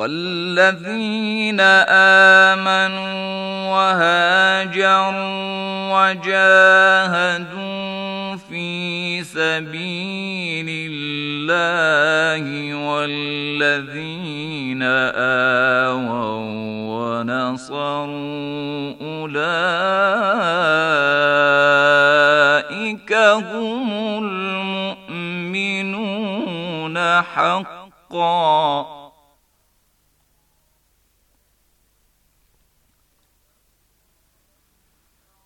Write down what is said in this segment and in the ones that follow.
والذين امنوا وهاجروا وجاهدوا في سبيل الله والذين اووا ونصروا اولئك هم المؤمنون حقا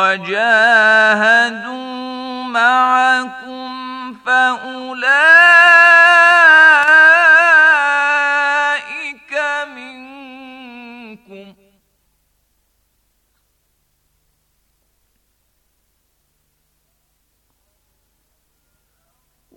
وجاهدوا معكم فأولئك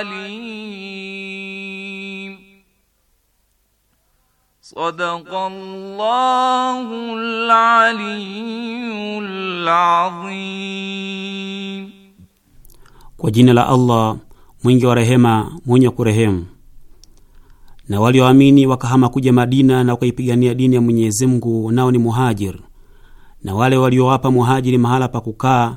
alim. Sadakallahu aliyyul azim. Kwa jina la Allah mwingi wa rehema mwenye kurehemu. Na walioamini wa wakahama kuja Madina na wakaipigania dini ya Mwenyezi Mungu, nao ni muhajir, na wale waliowapa wa muhajiri mahala pa kukaa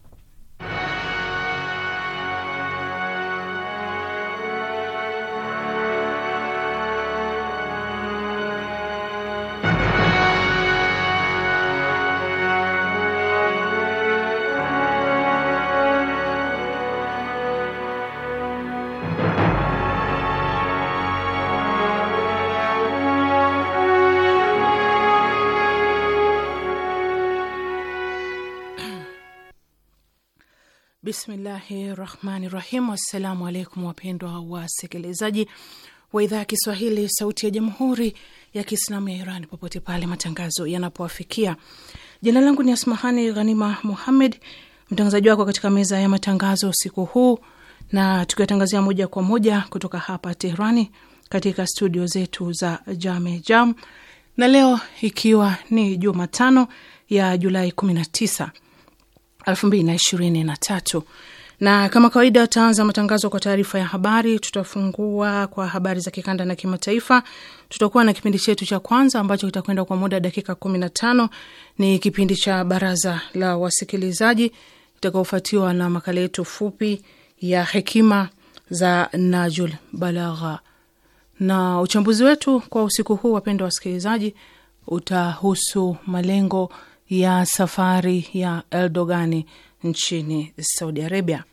Bismillahi rahmani rahim. Assalamu alaikum wapendwa wasikilizaji wa idhaa ya Kiswahili sauti ya jamhuri ya Kiislamu ya Iran popote pale matangazo yanapowafikia. Jina langu ni Asmahani Ghanima Muhammed, mtangazaji wako katika meza ya matangazo usiku huu, na tukiwatangazia moja kwa moja kutoka hapa Tehrani katika studio zetu za Jame Jam, na leo ikiwa ni Jumatano ya Julai tisa elfu mbili na ishirini na tatu na kama kawaida tutaanza matangazo kwa taarifa ya habari. Tutafungua kwa habari za kikanda na kimataifa. Tutakuwa na kipindi chetu cha kwanza ambacho kitakwenda kwa muda dakika kumi na tano ni kipindi cha baraza la wasikilizaji itakaofuatiwa na makala yetu fupi ya hekima za Najul Balagha, na uchambuzi wetu kwa usiku huu, wapendwa wasikilizaji, utahusu malengo ya safari ya Erdogani nchini Saudi Arabia.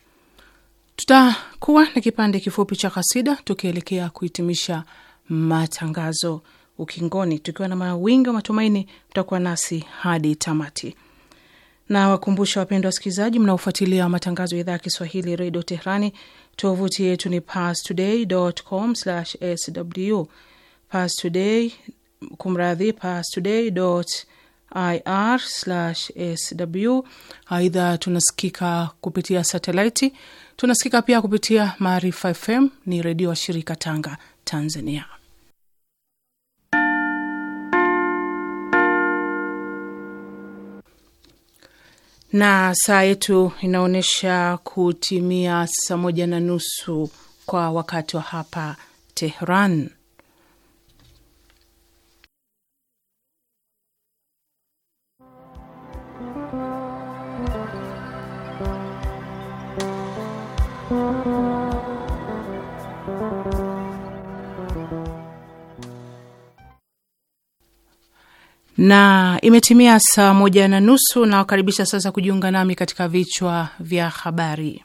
Tutakuwa na kipande kifupi cha kasida tukielekea kuhitimisha matangazo ukingoni, tukiwa na mawingi wa matumaini. Mtakuwa nasi hadi tamati. Na wakumbusha wapendwa wasikilizaji mnaofuatilia matangazo ya idhaa ya Kiswahili redio Tehrani, tovuti yetu ni pastoday.com/sw, pastoday kumradhi, pastoday ir/sw. Aidha, tunasikika kupitia satelaiti. Tunasikika pia kupitia Maarifa FM, ni redio wa shirika Tanga, Tanzania. Na saa yetu inaonyesha kutimia saa moja na nusu kwa wakati wa hapa Tehran na imetimia saa moja na nusu. Nawakaribisha sasa kujiunga nami katika vichwa vya habari.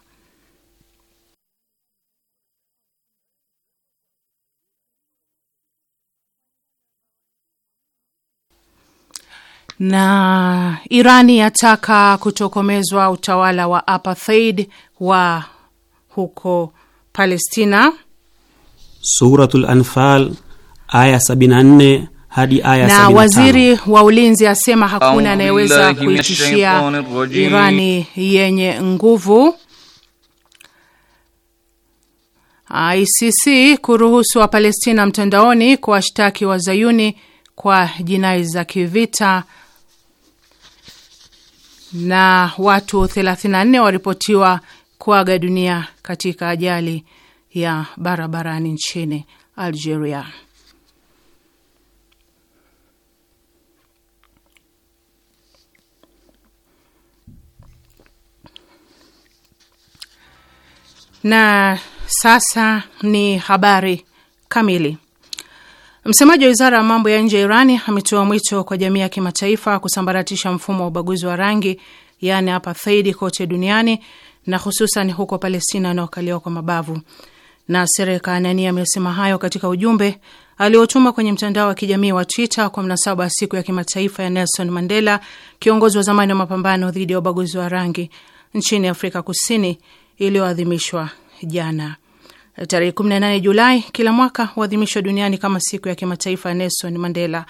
na Irani yataka kutokomezwa utawala wa apartheid wa huko Palestina. Suratul Anfal aya 74 hadi aya na waziri wa ulinzi asema hakuna anayeweza kuitishia Irani yenye nguvu. ICC kuruhusu wa palestina mtandaoni kuwashtaki wazayuni kwa jinai za kivita, na watu 34 waripotiwa kuaga dunia katika ajali ya barabarani nchini Algeria. Na sasa ni habari kamili. Msemaji wa wizara ya mambo ya nje ya Irani ametoa mwito kwa jamii ya kimataifa kusambaratisha mfumo wa ubaguzi wa rangi, yaani apartheid, kote duniani na hususan huko Palestina anaokaliwa kwa mabavu. Na Sere Kanani amesema hayo katika ujumbe aliotuma kwenye mtandao wa kijamii wa Twitter kwa mnasaba wa siku ya kimataifa ya Nelson Mandela, kiongozi wa zamani wa mapambano dhidi ya ubaguzi wa rangi nchini Afrika Kusini, iliyoadhimishwa jana tarehe kumi na nane Julai. Kila mwaka huadhimishwa duniani kama siku ya kimataifa ya Nelson Mandela.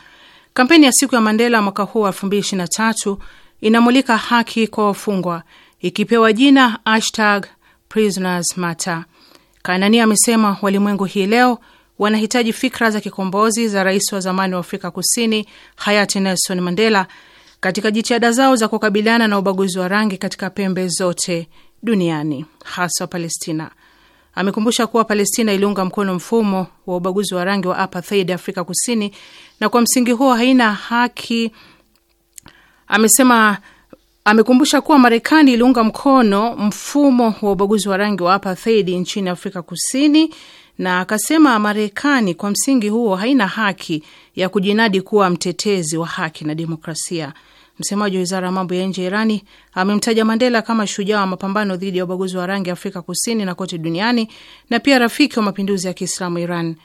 Kampeni ya siku ya Mandela mwaka huu wa elfu mbili na tatu inamulika haki kwa wafungwa ikipewa jina hashtag prisoners matter. Kanani amesema walimwengu hii leo wanahitaji fikra za kikombozi za rais wa zamani wa Afrika Kusini hayati Nelson Mandela katika jitihada zao za kukabiliana na ubaguzi wa rangi katika pembe zote duniani, hasa Palestina. Amekumbusha kuwa Palestina iliunga mkono mfumo wa ubaguzi wa rangi wa apartheid Afrika Kusini, na kwa msingi huo haina haki. Amesema amekumbusha kuwa Marekani iliunga mkono mfumo wa ubaguzi wa rangi wa apartheid nchini Afrika Kusini, na akasema Marekani kwa msingi huo haina haki ya kujinadi kuwa mtetezi wa haki na demokrasia. Msemaji wa wizara ya mambo ya nje ya Irani amemtaja Mandela kama shujaa wa mapambano dhidi ya ubaguzi wa rangi Afrika Kusini na kote duniani na pia rafiki wa mapinduzi ya Kiislamu Iran.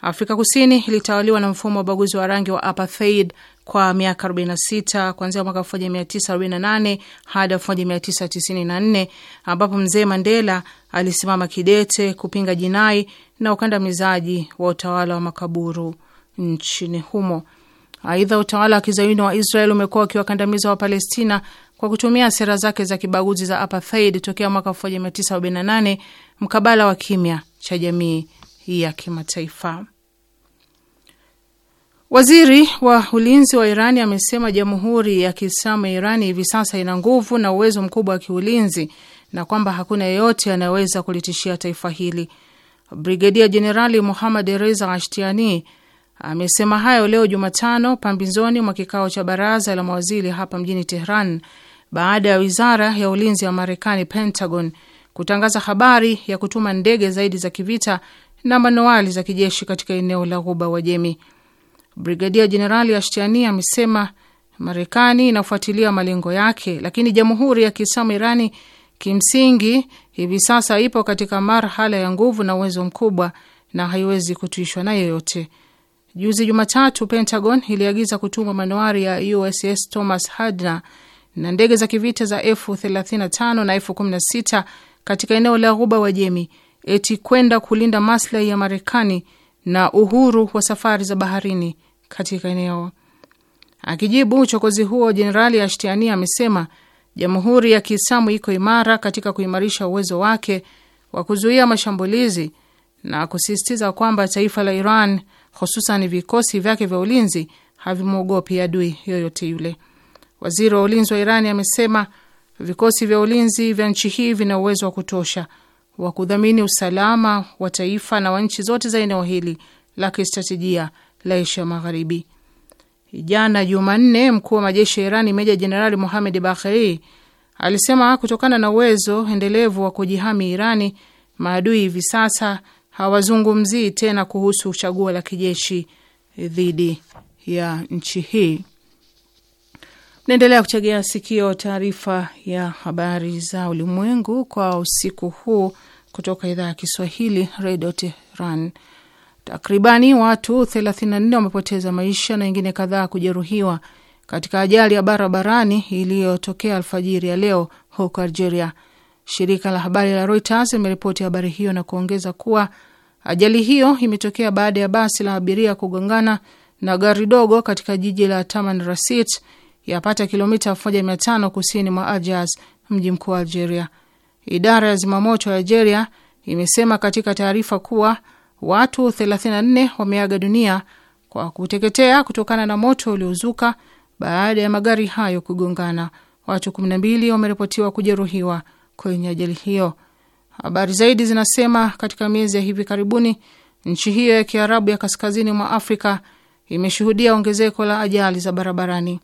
Afrika Kusini ilitawaliwa na mfumo wa ubaguzi wa rangi wa apartheid kwa miaka 46 kuanzia mwaka 1948 hadi 1994 ambapo mzee Mandela alisimama kidete kupinga jinai na ukandamizaji wa utawala wa makaburu nchini humo. Aidha, utawala wa kizayuni wa Israel umekuwa ukiwakandamiza Wapalestina kwa kutumia sera zake za kibaguzi za apartheid tokea mwaka 1948 mkabala wa kimya cha jamii ya kimataifa. Waziri wa ulinzi wa Irani amesema jamhuri ya Kiislamu ya Irani hivi sasa ina nguvu na uwezo mkubwa wa kiulinzi na kwamba hakuna yeyote anayeweza kulitishia taifa hili. Brigedia Jenerali Muhammad Reza Ashtiani Amesema hayo leo Jumatano pambizoni mwa kikao cha baraza la mawaziri hapa mjini Tehran baada ya wizara ya ulinzi ya Marekani, Pentagon, kutangaza habari ya kutuma ndege zaidi za kivita na manowari za kijeshi katika eneo la Ghuba Wajemi. Brigadia Jenerali Ashtiani amesema Marekani inafuatilia malengo yake, lakini jamhuri ya Kiislamu Irani kimsingi hivi sasa ipo katika marhala ya nguvu na uwezo mkubwa na haiwezi kutuishwa na yoyote. Juzi Jumatatu, Pentagon iliagiza kutumwa manuari ya USS Thomas Hadna na ndege za kivita za F35 na F16 katika eneo la Ghuba Wajemi eti kwenda kulinda maslahi ya Marekani na uhuru wa safari za baharini katika eneo. Akijibu uchokozi huo, Jenerali Ashtiani amesema Jamhuri ya Kiislamu iko imara katika kuimarisha uwezo wake wa kuzuia mashambulizi na kusisitiza kwamba taifa la Iran hususan vikosi vyake vya ulinzi havimwogopi adui yoyote yule. Waziri wa ulinzi wa Irani amesema vikosi vya ulinzi vya nchi hii vina uwezo wa kutosha wa kudhamini usalama wa taifa na wa nchi zote za eneo hili la kistratejia la Asia Magharibi. Jana Jumanne, mkuu wa majeshi ya Irani Meja Jenerali Mohamed Bagheri alisema kutokana na uwezo endelevu wa kujihami Irani, maadui hivi sasa hawazungumzii tena kuhusu chaguo la kijeshi dhidi ya nchi hii. Naendelea kuchegea sikio taarifa ya habari za ulimwengu kwa usiku huu kutoka idhaa ya Kiswahili redio Tehran. Takribani watu 34 wamepoteza maisha na wengine kadhaa kujeruhiwa katika ajali ya barabarani iliyotokea alfajiri ya leo huko Algeria. Shirika la habari la Reuters limeripoti habari hiyo na kuongeza kuwa ajali hiyo imetokea baada ya basi la abiria kugongana na gari dogo katika jiji la Taman Rasit, yapata kilomita 1500 kusini mwa Algiers, mji mkuu wa Algeria. Idara ya zimamoto ya Algeria imesema katika taarifa kuwa watu 34 wameaga dunia kwa kuteketea kutokana na moto uliozuka baada ya magari hayo kugongana. Watu 12 wameripotiwa kujeruhiwa kwenye ajali hiyo. Habari zaidi zinasema katika miezi ya hivi karibuni nchi hiyo ya Kiarabu ya kaskazini mwa Afrika imeshuhudia ongezeko la ajali za barabarani.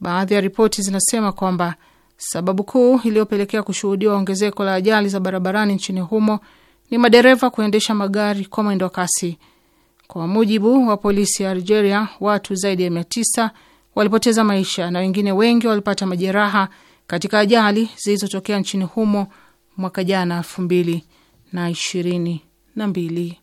Baadhi ya ripoti zinasema kwamba sababu kuu iliyopelekea kushuhudiwa ongezeko la ajali za barabarani nchini humo ni madereva kuendesha magari kwa mwendo kasi. Kwa mujibu wa polisi ya Algeria, watu zaidi ya mia tisa walipoteza maisha na wengine wengi walipata majeraha katika ajali zilizotokea nchini humo mwaka jana elfu mbili na ishirini na mbili.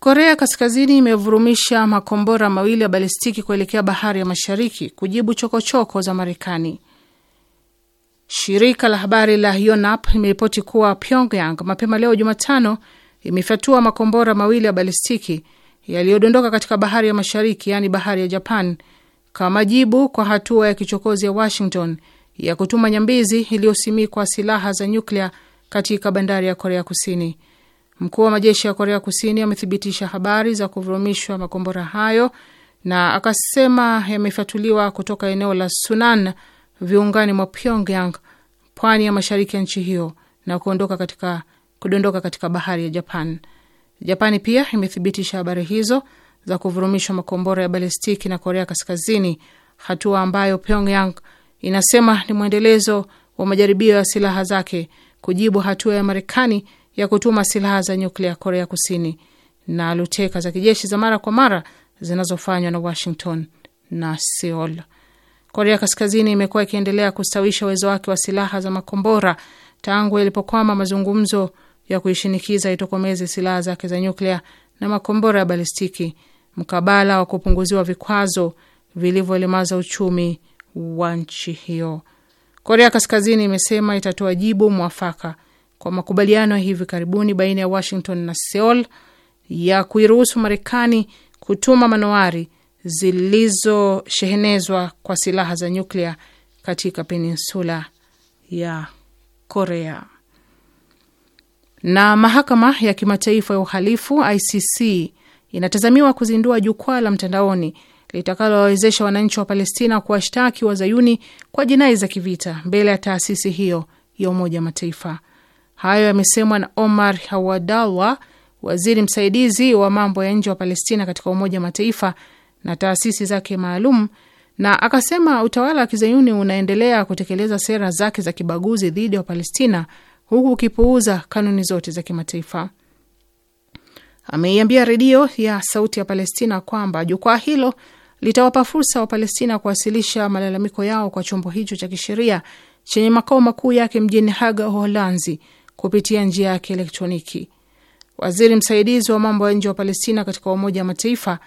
Korea Kaskazini imevurumisha makombora mawili ya balistiki kuelekea bahari ya Mashariki kujibu chokochoko choko za Marekani. Shirika la habari la Yonhap limeripoti kuwa Pyongyang mapema leo Jumatano imefyatua makombora mawili ya balistiki yaliyodondoka katika bahari ya Mashariki, yaani bahari ya Japan, kama jibu kwa hatua ya kichokozi ya Washington ya kutuma nyambizi iliyosimikwa silaha za nyuklia katika bandari ya Korea Kusini. Mkuu wa majeshi ya Korea Kusini amethibitisha habari za kuvurumishwa makombora hayo na akasema yamefyatuliwa kutoka eneo la Sunan viungani mwa Pyongyang, pwani ya mashariki ya nchi hiyo na kuondoka katika, kudondoka katika bahari ya Japan. Japani pia imethibitisha habari hizo za kuvurumishwa makombora ya balistiki na Korea Kaskazini, hatua ambayo Pyongyang inasema ni mwendelezo wa majaribio ya silaha zake kujibu hatua ya Marekani ya kutuma silaha za nyuklia Korea Kusini na luteka za kijeshi za mara kwa mara zinazofanywa na Washington na Seoul. Korea Kaskazini imekuwa ikiendelea kustawisha uwezo wake wa silaha za makombora tangu ilipokwama mazungumzo ya kuishinikiza itokomeze silaha zake za nyuklia na makombora ya balistiki mkabala wa kupunguziwa vikwazo vilivyolemaza uchumi wa nchi hiyo. Korea Kaskazini imesema itatoa jibu mwafaka kwa makubaliano ya hivi karibuni baina ya Washington na Seoul ya kuiruhusu Marekani kutuma manowari zilizoshehenezwa kwa silaha za nyuklia katika peninsula ya Korea. Na mahakama ya kimataifa ya uhalifu ICC inatazamiwa kuzindua jukwaa la mtandaoni litakalowawezesha wananchi wa Palestina kuwashtaki wazayuni kwa jinai za kivita mbele ya taasisi hiyo ya Umoja Mataifa. Hayo yamesemwa na Omar hawadawa waziri msaidizi wa mambo ya nje wa Palestina katika Umoja Mataifa na taasisi zake maalum, na akasema utawala wa kizayuni unaendelea kutekeleza sera zake za kibaguzi dhidi ya wapalestina huku ukipuuza kanuni zote za kimataifa ameiambia redio ya sauti ya Palestina kwamba jukwaa hilo litawapa fursa Wapalestina kuwasilisha malalamiko yao kwa chombo hicho cha kisheria chenye makao makuu yake mjini Haga, Uholanzi, kupitia njia ya kielektroniki. Waziri msaidizi wa mambo ya nje wa Palestina katika Umoja wa Mataifa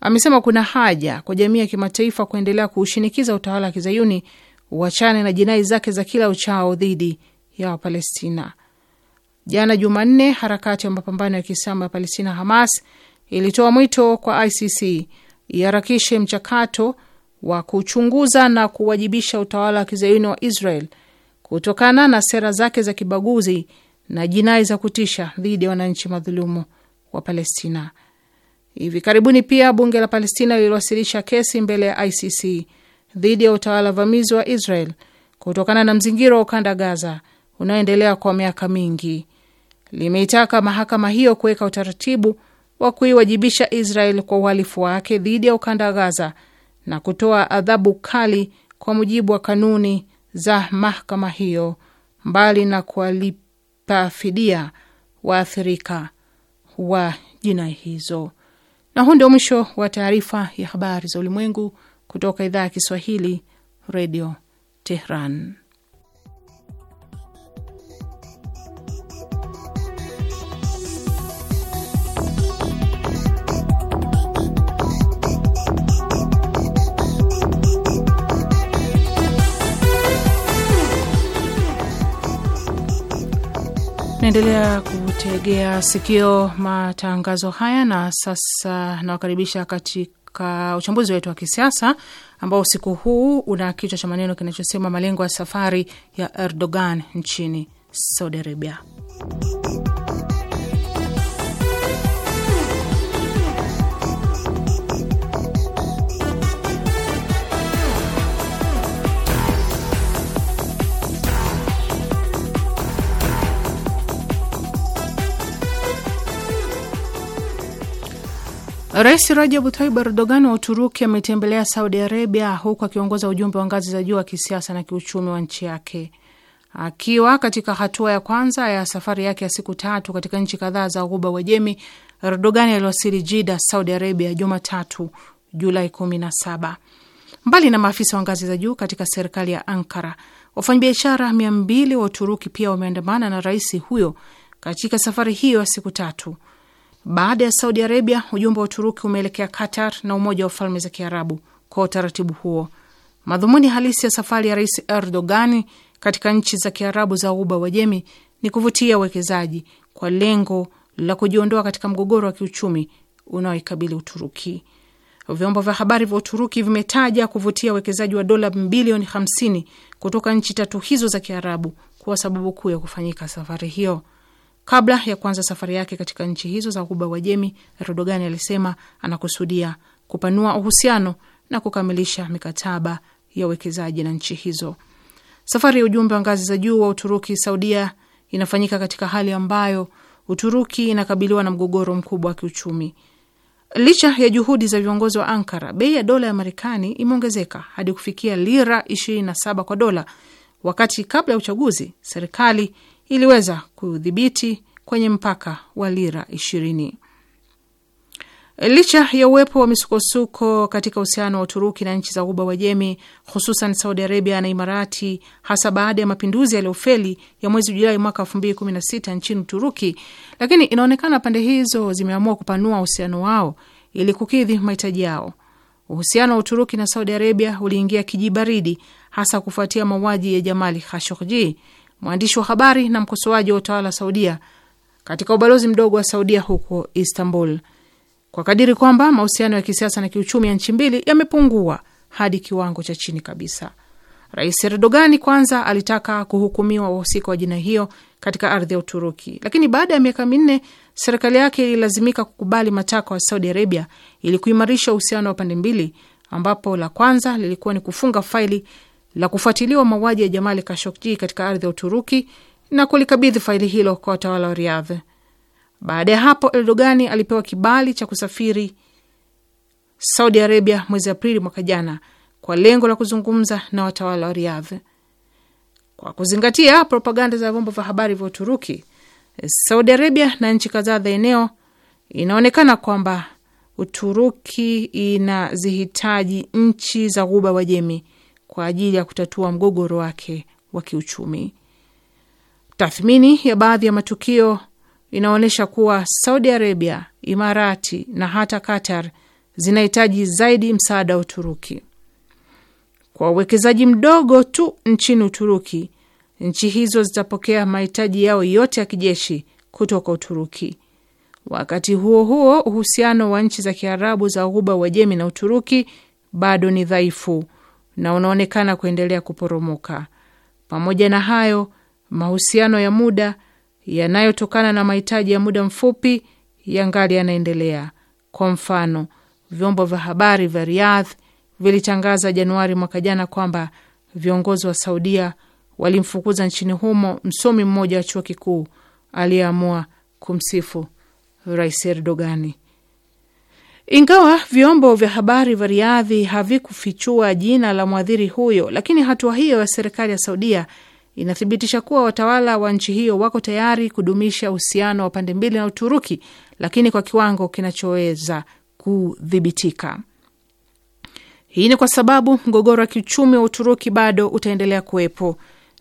amesema kuna haja kwa jamii ya kimataifa kuendelea kuushinikiza utawala wa kizayuni uachane na jinai zake za kila uchao dhidi ya Wapalestina. Jana Jumanne, harakati ya mapambano ya kiislamu ya Palestina, Hamas, ilitoa mwito kwa ICC iharakishe mchakato wa kuchunguza na kuwajibisha utawala wa kizayuni wa Israel kutokana na sera zake za kibaguzi na jinai za kutisha dhidi ya wananchi madhulumu wa Palestina. Hivi karibuni pia bunge la Palestina liliwasilisha kesi mbele ya ICC dhidi ya utawala vamizi wa Israel kutokana na mzingiro wa ukanda Gaza unaoendelea kwa miaka mingi. Limeitaka mahakama hiyo kuweka utaratibu wa kuiwajibisha Israel kwa uhalifu wake dhidi ya ukanda wa Gaza na kutoa adhabu kali kwa mujibu wa kanuni za mahakama hiyo, mbali na kuwalipa fidia waathirika wa jinai hizo. Na huu ndio mwisho wa taarifa ya habari za ulimwengu kutoka idhaa ya Kiswahili, Redio Tehran. Naendelea kutegea sikio matangazo haya, na sasa nawakaribisha katika uchambuzi wetu wa kisiasa ambao usiku huu una kichwa cha maneno kinachosema malengo ya safari ya Erdogan nchini Saudi Arabia. Rais Rajabu Tayib Erdogan wa Uturuki ametembelea Saudi Arabia huku akiongoza ujumbe wa ngazi za juu wa kisiasa na kiuchumi wa nchi yake. Akiwa katika hatua ya kwanza ya safari yake ya siku tatu katika nchi kadhaa za Ghuba Wajemi, Erdogan aliwasili Jida, Saudi Arabia, Jumatatu Julai 17. Mbali na maafisa wa ngazi za juu katika serikali ya Ankara, wafanyabiashara mbili wa Uturuki pia wameandamana na rais huyo katika safari hiyo ya siku tatu baada ya Saudi Arabia, ujumbe wa Uturuki umeelekea Qatar na Umoja wa Falme za Kiarabu. Kwa utaratibu huo, madhumuni halisi ya safari ya Rais Erdogani katika nchi za Kiarabu za Ghuba Wajemi ni kuvutia uwekezaji kwa lengo la kujiondoa katika mgogoro wa kiuchumi unaoikabili Uturuki. Vyombo vya habari vya Uturuki vimetaja kuvutia uwekezaji wa dola bilioni 50 kutoka nchi tatu hizo za Kiarabu kuwa sababu kuu ya kufanyika safari hiyo. Kabla ya kuanza safari yake katika nchi hizo za Ghuba Wajemi, Erdogan alisema anakusudia kupanua uhusiano na kukamilisha mikataba ya uwekezaji na nchi hizo. Safari ya ujumbe wa ngazi za juu wa Uturuki Saudia inafanyika katika hali ambayo Uturuki inakabiliwa na mgogoro mkubwa wa kiuchumi. Licha ya juhudi za viongozi wa Ankara, bei ya dola ya Marekani imeongezeka hadi kufikia lira 27 kwa dola, wakati kabla ya uchaguzi serikali iliweza kudhibiti kwenye mpaka wa lira ishirini. Licha ya uwepo wa misukosuko katika uhusiano wa Uturuki na nchi za Ghuba Wajemi, hususan Saudi Arabia na Imarati, hasa baada ya mapinduzi yaliyofeli ya mwezi Julai mwaka sita nchini Uturuki, lakini inaonekana pande hizo zimeamua kupanua uhusiano wao ili kukidhi mahitaji yao. Uhusiano wa Uturuki na Saudi Arabia uliingia kijibaridi, hasa kufuatia mauaji ya Jamali Khashoggi mwandishi wa habari na mkosoaji wa utawala wa Saudia katika ubalozi mdogo wa Saudia huko Istanbul, kwa kadiri kwamba mahusiano ya kisiasa na kiuchumi ya nchi mbili yamepungua hadi kiwango cha chini kabisa. Rais Erdogani kwanza alitaka kuhukumiwa wahusika wa jina hiyo katika ardhi ya Uturuki, lakini baada ya miaka minne serikali yake ililazimika kukubali matakwa ya Saudi Arabia ili kuimarisha uhusiano wa pande mbili, ambapo la kwanza lilikuwa ni kufunga faili la kufuatiliwa mauaji ya Jamali Kashokji katika ardhi ya Uturuki na kulikabidhi faili hilo kwa watawala wa Riyadh. Baada ya hapo, Erdogani alipewa kibali cha kusafiri Saudi Arabia mwezi Aprili mwaka jana kwa lengo la kuzungumza na watawala wa Riyadh. Kwa kuzingatia propaganda za vyombo vya habari vya Uturuki, Saudi Arabia na nchi kadhaa za eneo, inaonekana kwamba Uturuki inazihitaji nchi za Ghuba Wajemi kwa ajili ya kutatua mgogoro wake wa kiuchumi. Tathmini ya baadhi ya matukio inaonyesha kuwa Saudi Arabia, Imarati na hata Qatar zinahitaji zaidi msaada wa Uturuki. Kwa uwekezaji mdogo tu nchini Uturuki, nchi hizo zitapokea mahitaji yao yote ya kijeshi kutoka Uturuki. Wakati huo huo, uhusiano wa nchi za Kiarabu za Ghuba Uajemi na Uturuki bado ni dhaifu na unaonekana kuendelea kuporomoka. Pamoja na hayo, mahusiano ya muda yanayotokana na mahitaji ya muda mfupi yangali yanaendelea. Kwa mfano, vyombo vya habari vya Riyadh vilitangaza Januari mwaka jana kwamba viongozi wa Saudia walimfukuza nchini humo msomi mmoja wa chuo kikuu aliyeamua kumsifu Rais Erdogani. Ingawa vyombo vya habari vya Riadhi havikufichua jina la mwadhiri huyo, lakini hatua hiyo ya serikali ya Saudia inathibitisha kuwa watawala wa nchi hiyo wako tayari kudumisha uhusiano wa pande mbili na Uturuki, lakini kwa kiwango kinachoweza kudhibitika. Hii ni kwa sababu mgogoro wa kiuchumi wa Uturuki bado utaendelea kuwepo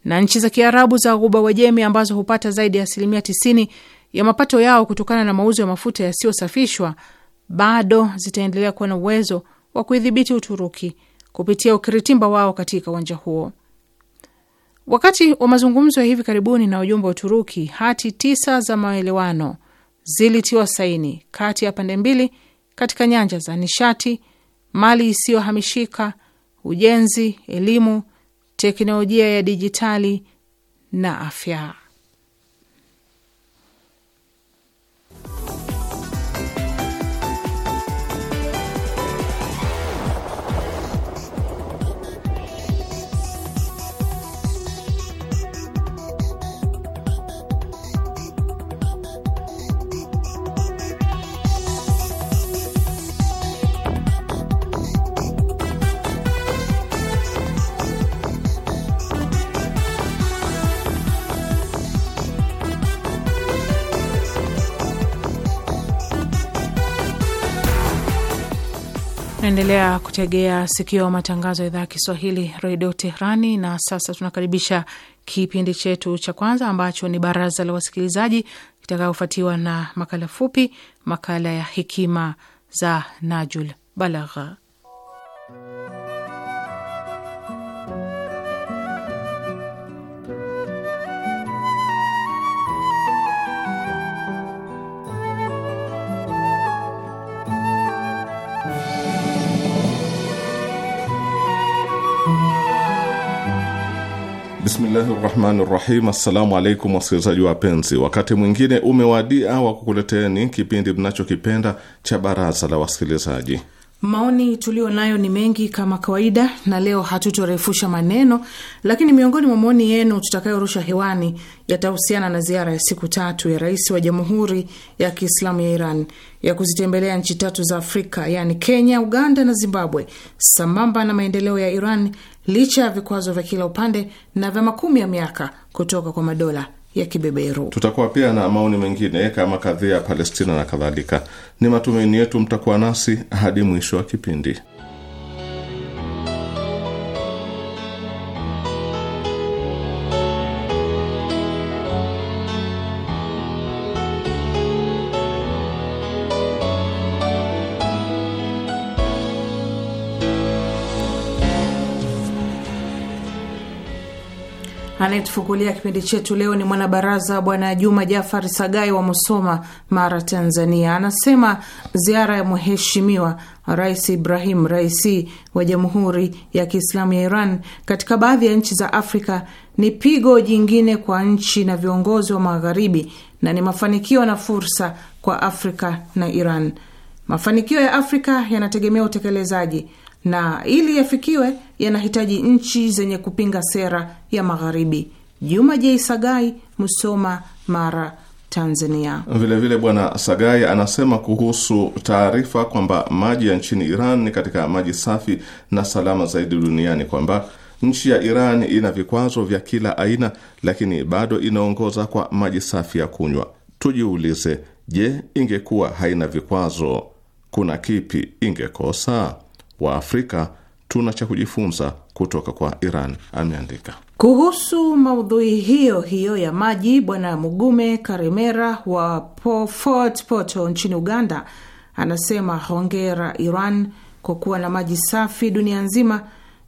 na nchi za Kiarabu za Ghuba Wajemi ambazo hupata zaidi ya asilimia 90 ya mapato yao kutokana na mauzo ya mafuta yasiyosafishwa bado zitaendelea kuwa na uwezo wa kuidhibiti Uturuki kupitia ukiritimba wao katika uwanja huo. Wakati wa mazungumzo ya hivi karibuni na ujumbe wa Uturuki, hati tisa za maelewano zilitiwa saini kati ya pande mbili katika nyanja za nishati, mali isiyohamishika, ujenzi, elimu, teknolojia ya dijitali na afya. Naendelea kutegea sikio matangazo ya idhaa ya Kiswahili redio Tehrani. Na sasa tunakaribisha kipindi chetu cha kwanza ambacho ni baraza la wasikilizaji kitakayofuatiwa na makala fupi, makala ya hekima za Najul Balagha. Bismillahi rahmani rahim. Assalamu alaikum wasikilizaji wapenzi, wakati mwingine umewadia wa kukuleteni kipindi mnachokipenda cha baraza la wasikilizaji. Maoni tuliyo nayo ni mengi kama kawaida, na leo hatutorefusha maneno, lakini miongoni mwa maoni yenu tutakayorusha hewani yatahusiana na ziara ya siku tatu ya rais wa Jamhuri ya Kiislamu ya Iran ya kuzitembelea nchi tatu za Afrika, yaani Kenya, Uganda na Zimbabwe, sambamba na maendeleo ya Iran licha ya vikwazo vya kila upande na vya makumi ya miaka kutoka kwa madola ya kibeberu. Tutakuwa pia na maoni mengine kama kadhia ya Palestina na kadhalika. Ni matumaini yetu mtakuwa nasi hadi mwisho wa kipindi. Anayetufungulia kipindi chetu leo ni mwanabaraza Bwana Juma Jafari Sagai wa Musoma, Mara, Tanzania. Anasema ziara ya mheshimiwa Rais Ibrahim Raisi wa Jamhuri ya Kiislamu ya Iran katika baadhi ya nchi za Afrika ni pigo jingine kwa nchi na viongozi wa Magharibi na ni mafanikio na fursa kwa Afrika na Iran. Mafanikio ya Afrika yanategemea utekelezaji na ili yafikiwe yanahitaji nchi zenye kupinga sera ya Magharibi. Juma Jei Sagai, Musoma, Mara, Tanzania. Vilevile Bwana Sagai anasema kuhusu taarifa kwamba maji ya nchini Iran ni katika maji safi na salama zaidi duniani kwamba nchi ya Iran ina vikwazo vya kila aina, lakini bado inaongoza kwa maji safi ya kunywa. Tujiulize, je, ingekuwa haina vikwazo, kuna kipi ingekosa? wa Afrika tuna cha kujifunza kutoka kwa Iran, ameandika. Kuhusu maudhui hiyo hiyo ya maji, Bwana Mugume Karemera wa Fort Poto nchini Uganda anasema hongera Iran kwa kuwa na maji safi dunia nzima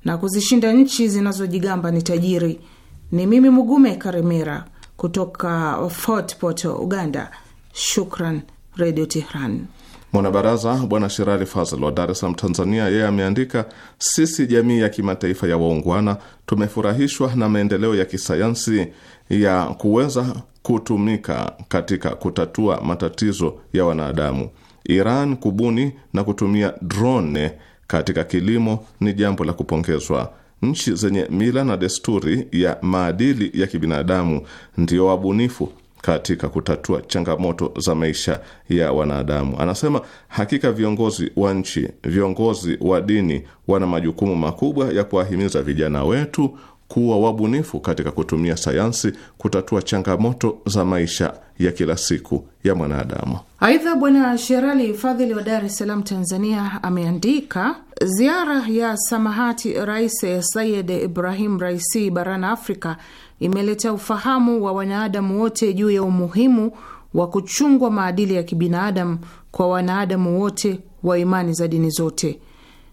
na kuzishinda nchi zinazojigamba ni tajiri. Ni mimi Mugume Karemera kutoka Fort Poto, Uganda. Shukran, Radio Tehran. Mwanabaraza Bwana Shirali Fazl wa Dar es Salaam, Tanzania, yeye ameandika: sisi jamii ya kimataifa ya waungwana tumefurahishwa na maendeleo ya kisayansi ya kuweza kutumika katika kutatua matatizo ya wanadamu. Iran kubuni na kutumia drone katika kilimo ni jambo la kupongezwa. Nchi zenye mila na desturi ya maadili ya kibinadamu ndio wabunifu katika kutatua changamoto za maisha ya wanadamu. Anasema hakika viongozi wa nchi, viongozi wa dini wana majukumu makubwa ya kuwahimiza vijana wetu kuwa wabunifu katika kutumia sayansi kutatua changamoto za maisha ya kila siku ya mwanadamu. Aidha, Bwana Sherali Fadhili wa Dar es Salaam, Tanzania, ameandika ziara ya samahati Rais Sayed Ibrahim Raisi barani Afrika imeleta ufahamu wa wanadamu wote juu ya umuhimu wa kuchungwa maadili ya kibinadamu kwa wanadamu wote wa imani za dini zote.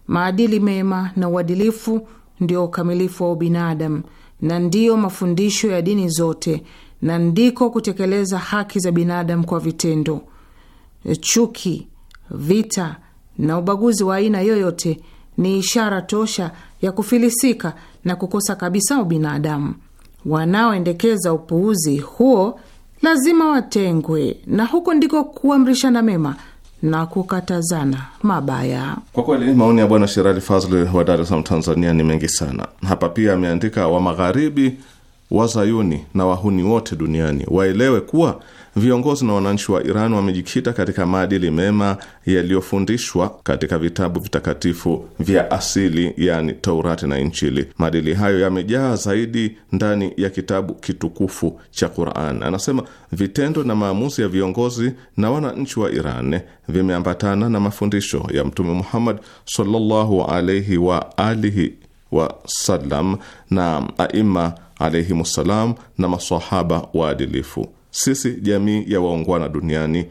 Maadili mema na uadilifu ndio ukamilifu wa ubinadamu na ndiyo mafundisho ya dini zote na ndiko kutekeleza haki za binadamu kwa vitendo. Chuki, vita na ubaguzi wa aina yoyote ni ishara tosha ya kufilisika na kukosa kabisa ubinadamu. Wanaoendekeza upuuzi huo lazima watengwe, na huko ndiko kuamrishana mema na kukatazana mabaya. Kwa kweli maoni ya Bwana Sherali fazl wa Dar es Salaam, Tanzania ni mengi sana. Hapa pia ameandika, wa magharibi, wazayuni na wahuni wote duniani waelewe kuwa Viongozi na wananchi wa Iran wamejikita katika maadili mema yaliyofundishwa katika vitabu vitakatifu vya asili, yani Taurati na Injili. Maadili hayo yamejaa zaidi ndani ya kitabu kitukufu cha Quran. Anasema vitendo na maamuzi ya viongozi na wananchi wa Iran vimeambatana na mafundisho ya Mtume Muhammad sallallahu alaihi wa alihi wasallam na aima alaihimussalam na masahaba waadilifu. Sisi jamii ya waungwana duniani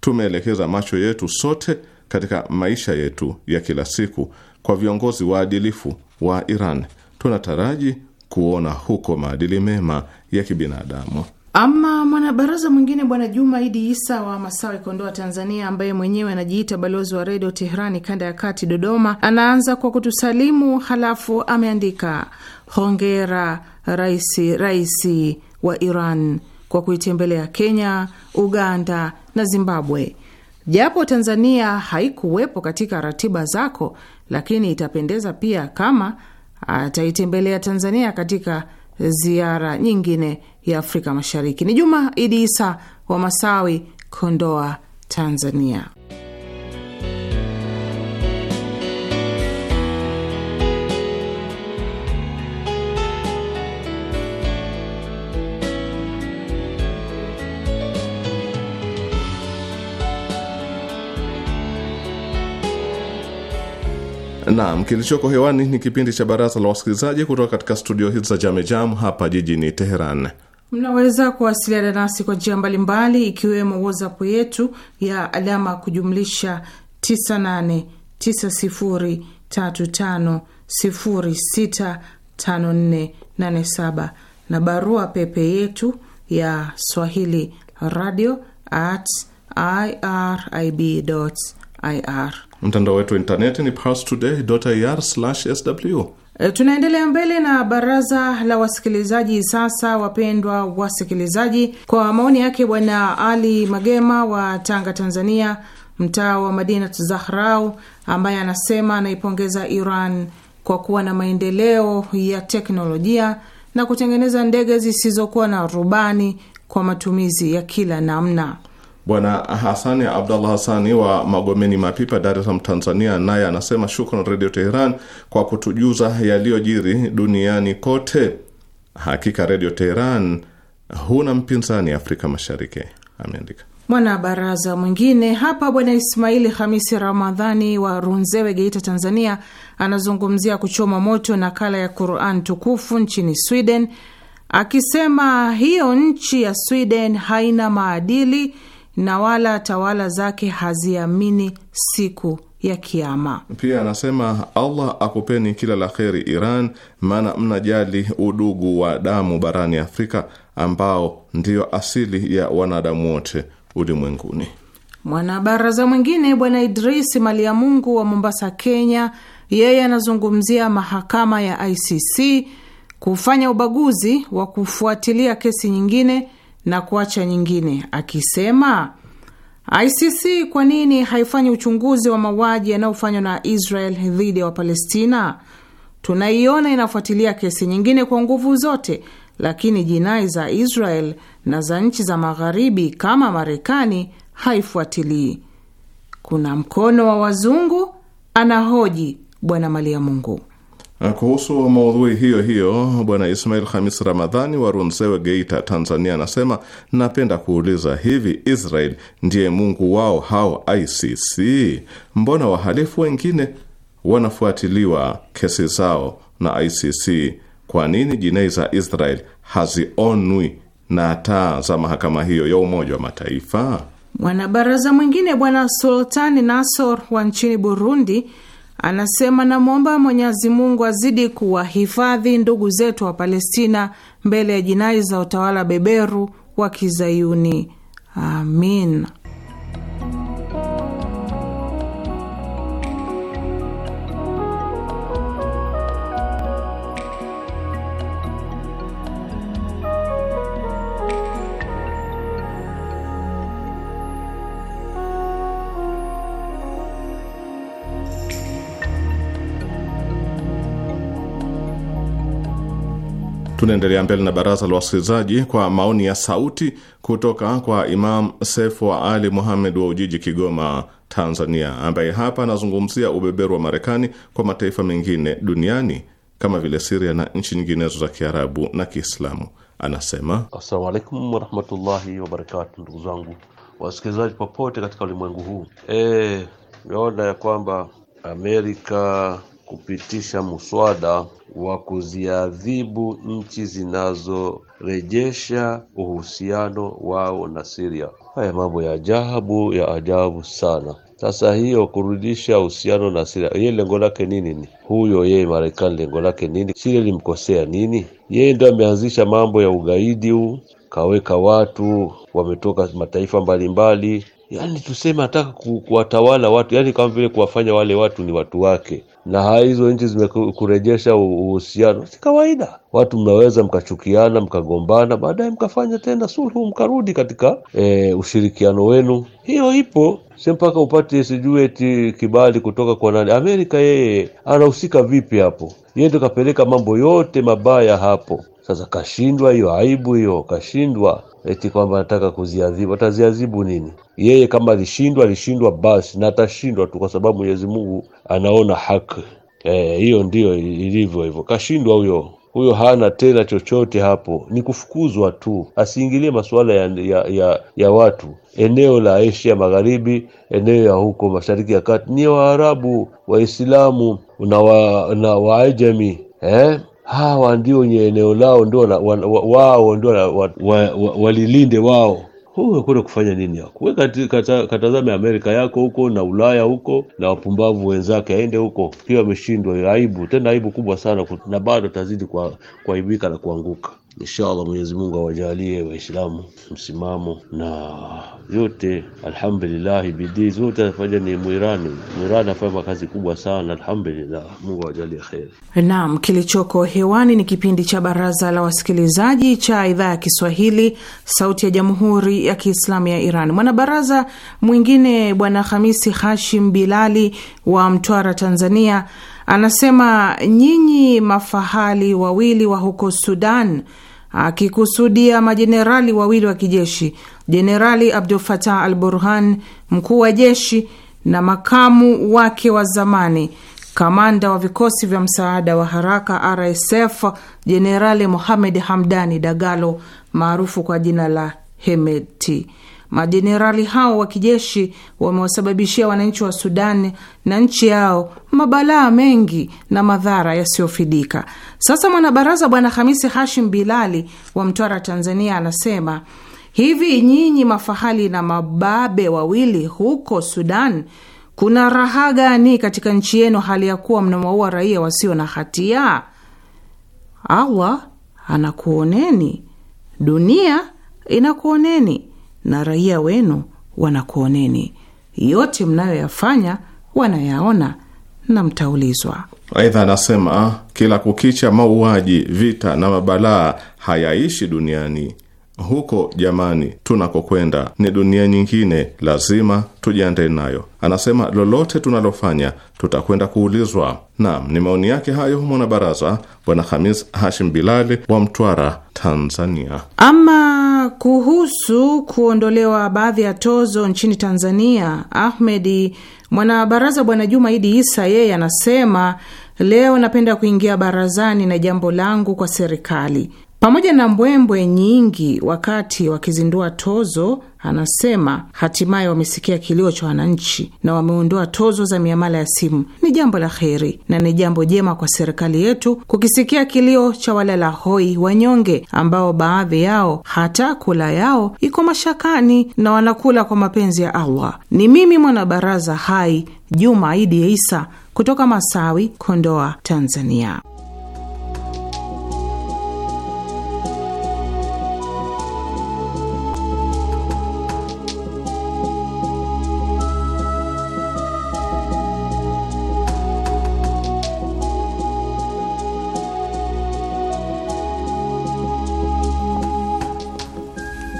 tumeelekeza macho yetu sote katika maisha yetu ya kila siku kwa viongozi waadilifu wa Iran. Tunataraji kuona huko maadili mema ya kibinadamu. Ama mwanabaraza mwingine Bwana Juma Idi Isa wa Masawi, Kondoa, Tanzania, ambaye mwenyewe anajiita balozi wa redio Teherani kanda ya kati, Dodoma, anaanza kwa kutusalimu, halafu ameandika hongera raisi, raisi wa Iran kwa kuitembelea Kenya, Uganda na Zimbabwe. Japo Tanzania haikuwepo katika ratiba zako, lakini itapendeza pia kama ataitembelea Tanzania katika ziara nyingine ya Afrika Mashariki. Ni Juma Idi Isa wa Masawi, Kondoa, Tanzania. Naam, kilichoko hewani ni kipindi cha Baraza la Wasikilizaji kutoka katika studio hizi za Jamejam hapa jijini Teheran. Mnaweza kuwasiliana nasi kwa njia mbalimbali, ikiwemo WhatsApp yetu ya alama kujumlisha 989035065487 na barua pepe yetu ya swahili radio at irib ir. Mtandao wetu wa intaneti ni parstoday.ir/sw. E, tunaendelea mbele na baraza la wasikilizaji sasa. Wapendwa wasikilizaji, kwa maoni yake Bwana Ali Magema wa Tanga, Tanzania, mtaa wa Madinat Zahrau, ambaye anasema anaipongeza Iran kwa kuwa na maendeleo ya teknolojia na kutengeneza ndege zisizokuwa na rubani kwa matumizi ya kila namna. Bwana Hasani Abdallah Hasani wa Magomeni Mapipa, Dar es Salaam, Tanzania, naye anasema shukran Redio Teheran kwa kutujuza yaliyojiri duniani kote. Hakika Redio Teheran huna mpinzani Afrika Mashariki, ameandika mwanabaraza mwingine hapa. Bwana Ismaili Hamisi Ramadhani wa Runzewe, Geita, Tanzania, anazungumzia kuchoma moto nakala ya Quran tukufu nchini Sweden, akisema hiyo nchi ya Sweden haina maadili na wala tawala zake haziamini siku ya Kiama. Pia anasema Allah akupeni kila la kheri Iran, maana mnajali udugu wa damu barani Afrika ambao ndiyo asili ya wanadamu wote ulimwenguni. Mwanabaraza mwingine Bwana Idris mali ya Mungu wa Mombasa, Kenya, yeye anazungumzia mahakama ya ICC kufanya ubaguzi wa kufuatilia kesi nyingine na kuacha nyingine akisema, ICC kwa nini haifanyi uchunguzi wa mauaji yanayofanywa na Israel dhidi ya Wapalestina? Tunaiona inafuatilia kesi nyingine kwa nguvu zote, lakini jinai za Israel na za nchi za magharibi kama Marekani haifuatilii. Kuna mkono wa wazungu, anahoji Bwana Malia Mungu. Ah, kuhusu maudhui hiyo hiyo, Bwana Ismail Khamis Ramadhani wa Runzewe, Geita, Tanzania, anasema napenda kuuliza, hivi Israel ndiye mungu wao hao ICC? Mbona wahalifu wengine wanafuatiliwa kesi zao na ICC? Kwa nini jinai za Israel hazionwi na taa za mahakama hiyo ya Umoja wa Mataifa? Mwanabaraza mwingine Bwana Sultani Nasor wa nchini Burundi Anasema, namwomba Mwenyezi Mungu azidi kuwahifadhi ndugu zetu wa Palestina mbele ya jinai za utawala beberu wa Kizayuni. Amin. Tunaendelea mbele na baraza la wasikilizaji kwa maoni ya sauti kutoka kwa Imam Sefu wa Ali Muhamed wa Ujiji, Kigoma, Tanzania, ambaye hapa anazungumzia ubeberu wa Marekani kwa mataifa mengine duniani kama vile Siria na nchi nyinginezo za Kiarabu na Kiislamu. Anasema, assalamu alaikum warahmatullahi wabarakatu. Ndugu zangu wasikilizaji popote katika ulimwengu huu, e, ya kwamba Amerika kupitisha muswada wa kuziadhibu nchi zinazorejesha uhusiano wao na Syria. Haya mambo ya ajabu ya ajabu sana. Sasa hiyo kurudisha uhusiano na Syria, yeye lengo lake nini? Ni huyo yeye Marekani, lengo lake nini? Syria limkosea nini? Yeye ndo ameanzisha mambo ya ugaidi huu, kaweka watu wametoka mataifa mbalimbali, yani tuseme, anataka kuwatawala watu, yani kama vile kuwafanya wale watu ni watu wake na hizo nchi zimekurejesha uhusiano, si kawaida. Watu mnaweza mkachukiana, mkagombana, baadaye mkafanya tena sulhu, mkarudi katika e, ushirikiano wenu. Hiyo ipo, si mpaka upate sijui eti kibali kutoka kwa nani. Amerika yeye anahusika vipi hapo? Yeye ndo kapeleka mambo yote mabaya hapo. Sasa kashindwa hiyo, aibu hiyo, kashindwa eti kwamba nataka kuziadhibu. Ataziadhibu nini? Yeye kama alishindwa, alishindwa basi, na atashindwa tu, kwa sababu Mwenyezi Mungu anaona haki. E, hiyo e, ndiyo ilivyo hivyo, kashindwa huyo huyo hana tena chochote hapo, ni kufukuzwa tu. Asiingilie masuala ya, ya, ya, ya watu eneo la Asia Magharibi, eneo ya huko Mashariki ya Kati, ni Waarabu, Waislamu na Waajami eh? hawa ndio wenye eneo lao, ndio wao ndio walilinde wao huyu akwenda kufanya nini yako We katazame Amerika yako huko na Ulaya huko na wapumbavu wenzake, aende huko pia ameshindwa. Aibu tena aibu kubwa sana, na bado atazidi kuaibika na kuanguka. Inshallah Mwenyezi Mungu awajalie Waislamu msimamo na yote, alhamdulillah. Bidii zote anafanya ni Mwirani. Mwirani afanya kazi kubwa sana, alhamdulillah. Mungu awajalie kheri. Naam, kilichoko hewani ni kipindi cha Baraza la Wasikilizaji cha Idhaa ya Kiswahili, Sauti ya Jamhuri ya Kiislamu ya Iran. Mwanabaraza mwingine Bwana Hamisi Hashim Bilali wa Mtwara, Tanzania, anasema nyinyi mafahali wawili wa huko Sudan akikusudia majenerali wawili wa kijeshi, Jenerali Abdul Fatah al Burhan, mkuu wa jeshi na makamu wake wa zamani, kamanda wa vikosi vya msaada wa haraka RSF, Jenerali Mohamed Hamdani Dagalo maarufu kwa jina la hemeti Majenerali hao wa kijeshi wamewasababishia wananchi wa Sudani na nchi yao mabalaa mengi na madhara yasiyofidika. Sasa mwanabaraza Bwana Hamisi Hashim Bilali wa Mtwara, Tanzania, anasema hivi: nyinyi mafahali na mababe wawili huko Sudan, kuna raha gani katika nchi yenu hali ya kuwa mnawaua raia wasio na hatia? Allah anakuoneni, dunia inakuoneni na raia wenu wanakuoneni, yote mnayoyafanya wanayaona na mtaulizwa. Aidha anasema kila kukicha mauaji, vita na mabalaa hayaishi duniani huko jamani, tunakokwenda ni dunia nyingine, lazima tujiandae nayo. Anasema lolote tunalofanya tutakwenda kuulizwa. Naam, ni maoni yake hayo mwanabaraza Bwana Hamis Hashim Bilali wa Mtwara, Tanzania. Ama kuhusu kuondolewa baadhi ya tozo nchini Tanzania, Ahmedi mwanabaraza Bwana Juma Idi Isa yeye anasema Leo napenda kuingia barazani na jambo langu kwa serikali pamoja na mbwembwe nyingi wakati wakizindua tozo. Anasema hatimaye wamesikia kilio cha wananchi na wameondoa tozo za miamala ya simu. Ni jambo la heri na ni jambo jema kwa serikali yetu kukisikia kilio cha walala hoi wanyonge, ambao baadhi yao hata kula yao iko mashakani na wanakula kwa mapenzi ya Allah. Ni mimi mwanabaraza hai Juma Idi Isa kutoka Masawi, Kondoa, Tanzania.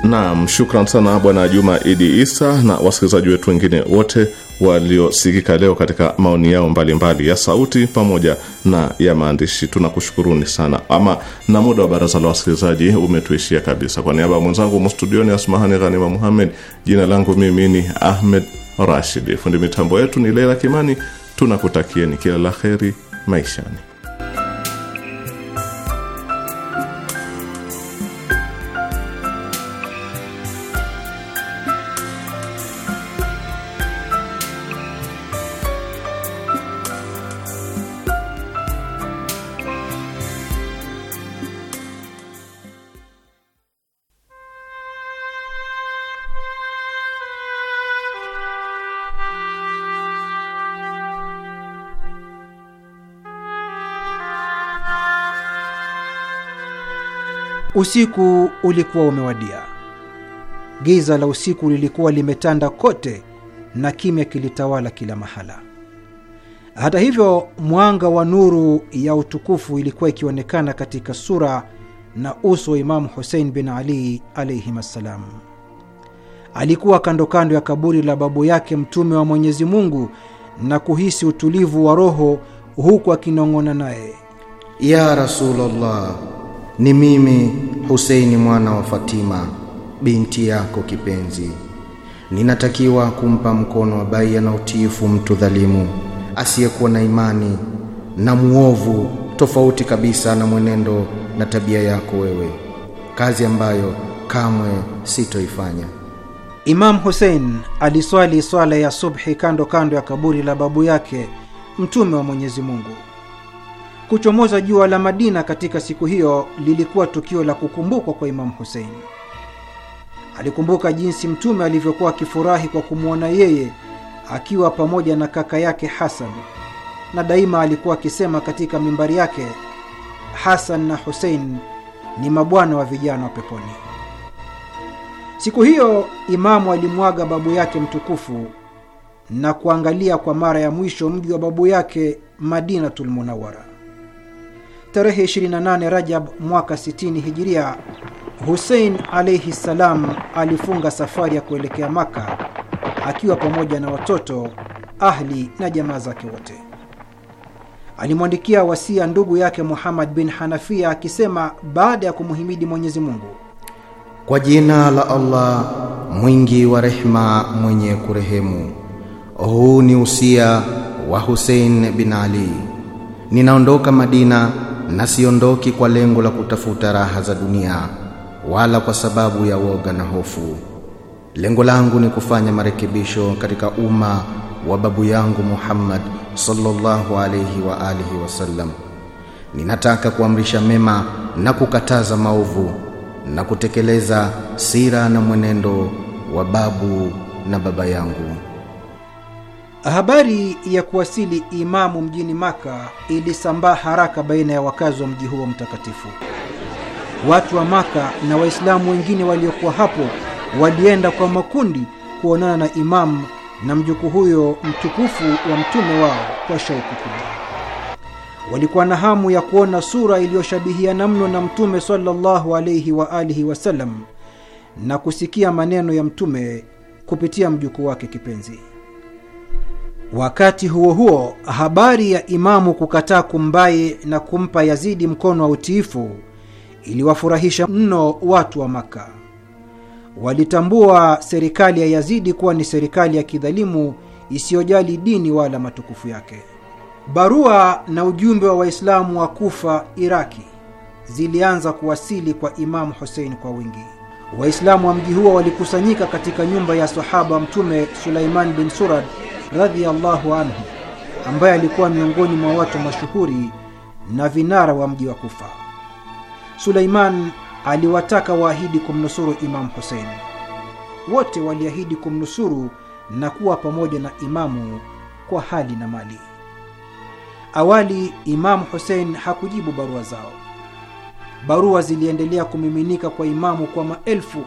Naam, shukran sana Bwana Juma Idi Isa na wasikilizaji wetu wengine wote waliosikika leo katika maoni yao mbalimbali mbali ya sauti pamoja na ya maandishi. Tunakushukuruni sana. Ama na muda wa baraza la wasikilizaji umetuishia kabisa. Kwa niaba ya mwenzangu mstudioni Asmahani Ghanima Muhammed, jina langu mimi ni Ahmed Rashid, fundi mitambo yetu ni Leila Kimani. Tunakutakieni kila la heri maishani. Usiku ulikuwa umewadia. Giza la usiku lilikuwa limetanda kote na kimya kilitawala kila mahala. Hata hivyo, mwanga wa nuru ya utukufu ilikuwa ikionekana katika sura na uso wa Imamu Husein bin Ali alaihim assalam. Alikuwa kando kando ya kaburi la babu yake Mtume wa Mwenyezi Mungu na kuhisi utulivu wa roho, huku akinong'ona naye, ya Rasulullah ni mimi Huseini mwana wa Fatima binti yako kipenzi, ninatakiwa kumpa mkono wa baia na utiifu mtu dhalimu asiyekuwa na imani na muovu, tofauti kabisa na mwenendo na tabia yako wewe, kazi ambayo kamwe sitoifanya. Imamu Hussein aliswali swala ya subhi kando kando ya kaburi la babu yake Mtume wa Mwenyezi Mungu. Kuchomoza jua la Madina katika siku hiyo lilikuwa tukio la kukumbukwa kwa Imamu husein Alikumbuka jinsi Mtume alivyokuwa akifurahi kwa kumwona yeye akiwa pamoja na kaka yake Hasan, na daima alikuwa akisema katika mimbari yake, Hasan na Husein ni mabwana wa vijana wa peponi. Siku hiyo Imamu alimwaga babu yake mtukufu na kuangalia kwa mara ya mwisho mji wa babu yake Madinatul Munawara tarehe 28 Rajab mwaka 60 Hijiria, Hussein alaihi ssalam alifunga safari ya kuelekea Maka akiwa pamoja na watoto, ahli na jamaa zake wote. Alimwandikia wasia ndugu yake Muhammad bin Hanafia akisema baada ya kumhimidi Mwenyezi Mungu, kwa jina la Allah mwingi wa rehema, mwenye kurehemu. Huu ni usia wa Hussein bin Ali. Ninaondoka Madina na siondoki kwa lengo la kutafuta raha za dunia wala kwa sababu ya woga na hofu. Lengo langu ni kufanya marekebisho katika umma wa babu yangu Muhammad sallallahu alayhi wa alihi wasallam. Ninataka kuamrisha mema na kukataza maovu na kutekeleza sira na mwenendo wa babu na baba yangu. Habari ya kuwasili Imamu mjini Maka ilisambaa haraka baina ya wakazi wa mji huo mtakatifu. Watu wa Maka na Waislamu wengine waliokuwa hapo walienda kwa makundi kuonana na Imamu na mjukuu huyo mtukufu wa mtume wao kwa shauku kubwa. Walikuwa na hamu ya kuona sura iliyoshabihiana mno na Mtume sallallahu alayhi wa alihi wasallam na kusikia maneno ya Mtume kupitia mjukuu wake kipenzi. Wakati huo huo, habari ya Imamu kukataa kumbai na kumpa Yazidi mkono wa utiifu iliwafurahisha mno watu wa Maka. Walitambua serikali ya Yazidi kuwa ni serikali ya kidhalimu isiyojali dini wala matukufu yake. Barua na ujumbe wa Waislamu wa Kufa, Iraki, zilianza kuwasili kwa Imamu Husein kwa wingi. Waislamu wa mji huo walikusanyika katika nyumba ya sahaba Mtume Sulaiman bin Surad radhiyallahu anhu ambaye alikuwa miongoni mwa watu mashuhuri na vinara wa mji wa Kufa. Sulaiman aliwataka waahidi kumnusuru Imamu Hussein. Wote waliahidi kumnusuru na kuwa pamoja na imamu kwa hali na mali. Awali Imamu Hussein hakujibu barua zao. Barua ziliendelea kumiminika kwa imamu kwa maelfu,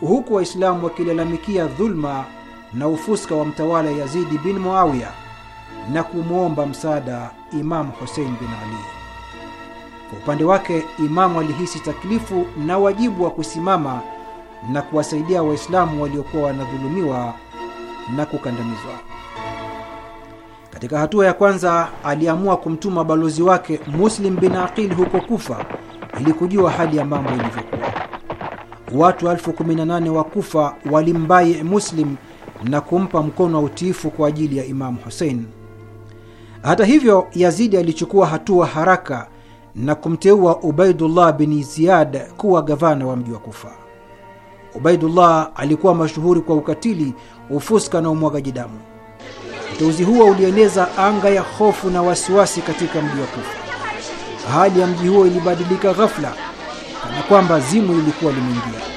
huku Waislamu wakilalamikia dhulma na ufuska wa mtawala Yazidi bin Muawiya na kumwomba msaada Imamu Husein bin Ali. Kwa upande wake, imamu alihisi taklifu na wajibu wa kusimama na kuwasaidia Waislamu waliokuwa wanadhulumiwa na kukandamizwa. Katika hatua ya kwanza, aliamua kumtuma balozi wake Muslim bin Aqil huko Kufa alikujua hali ya mambo ilivyokuwa. Watu elfu kumi na nane wa Kufa walimbai Muslim na kumpa mkono wa utiifu kwa ajili ya Imamu Husein. Hata hivyo, Yazidi alichukua hatua haraka na kumteua Ubaidullah bin Ziyad kuwa gavana wa mji wa Kufa. Ubaidullah alikuwa mashuhuri kwa ukatili, ufuska na umwagaji damu. Uteuzi huo ulieneza anga ya hofu na wasiwasi katika mji wa Kufa hali ya mji huo ilibadilika ghafla, kana kwamba zimu lilikuwa limeingia.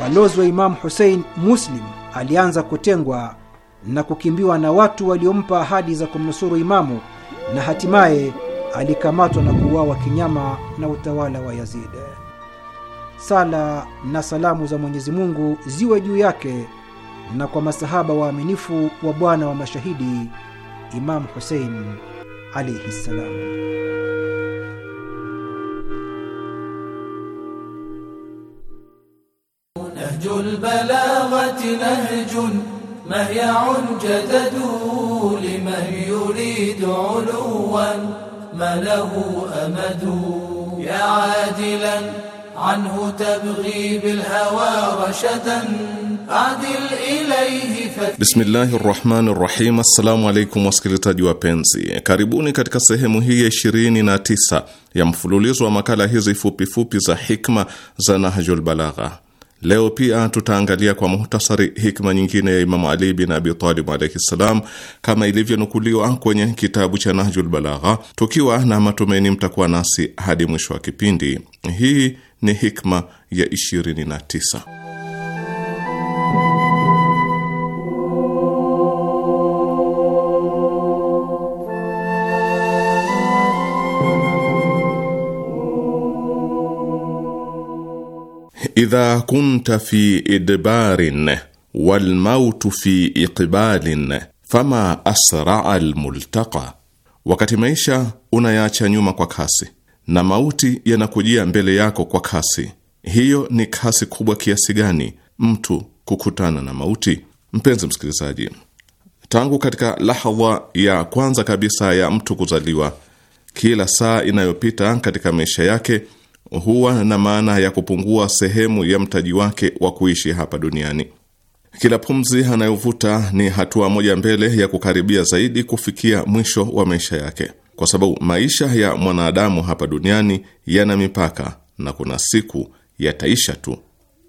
Balozi wa Imamu Husein Muslim alianza kutengwa na kukimbiwa na watu waliompa ahadi za kumnusuru imamu, na hatimaye alikamatwa na kuuawa kinyama na utawala wa Yazid. Sala na salamu za Mwenyezi Mungu ziwe juu yake na kwa masahaba waaminifu wa bwana wa mashahidi Imamu Husein عليه السلام نهج البلاغة نهج مهيع جدد لمن يريد علوا ما له أمد يا عادلا عنه تبغي بالهوى رشدا llahi rahmani rahim. Assalamu alaikum wasikilizaji wapenzi, karibuni katika sehemu hii ya 29 ya mfululizo wa makala hizi fupifupi za hikma za Nahjul Balagha. Leo pia tutaangalia kwa muhtasari hikma nyingine ya Imamu Ali bin Abi Talib alaihi ssalam, kama ilivyonukuliwa kwenye kitabu cha Nahjul Balagha, tukiwa na matumaini mtakuwa nasi hadi mwisho wa kipindi. Hii ni hikma ya 29. idha kunta fi idbarin walmautu fi iqbalin fama asraa almultaqa, wakati maisha unayaacha nyuma kwa kasi na mauti yanakujia mbele yako kwa kasi. Hiyo ni kasi kubwa kiasi gani mtu kukutana na mauti? Mpenzi msikilizaji, tangu katika lahadha ya kwanza kabisa ya mtu kuzaliwa, kila saa inayopita katika maisha yake huwa na maana ya kupungua sehemu ya mtaji wake wa kuishi hapa duniani. Kila pumzi anayovuta ni hatua moja mbele ya kukaribia zaidi kufikia mwisho wa maisha yake, kwa sababu maisha ya mwanadamu hapa duniani yana mipaka na kuna siku yataisha tu.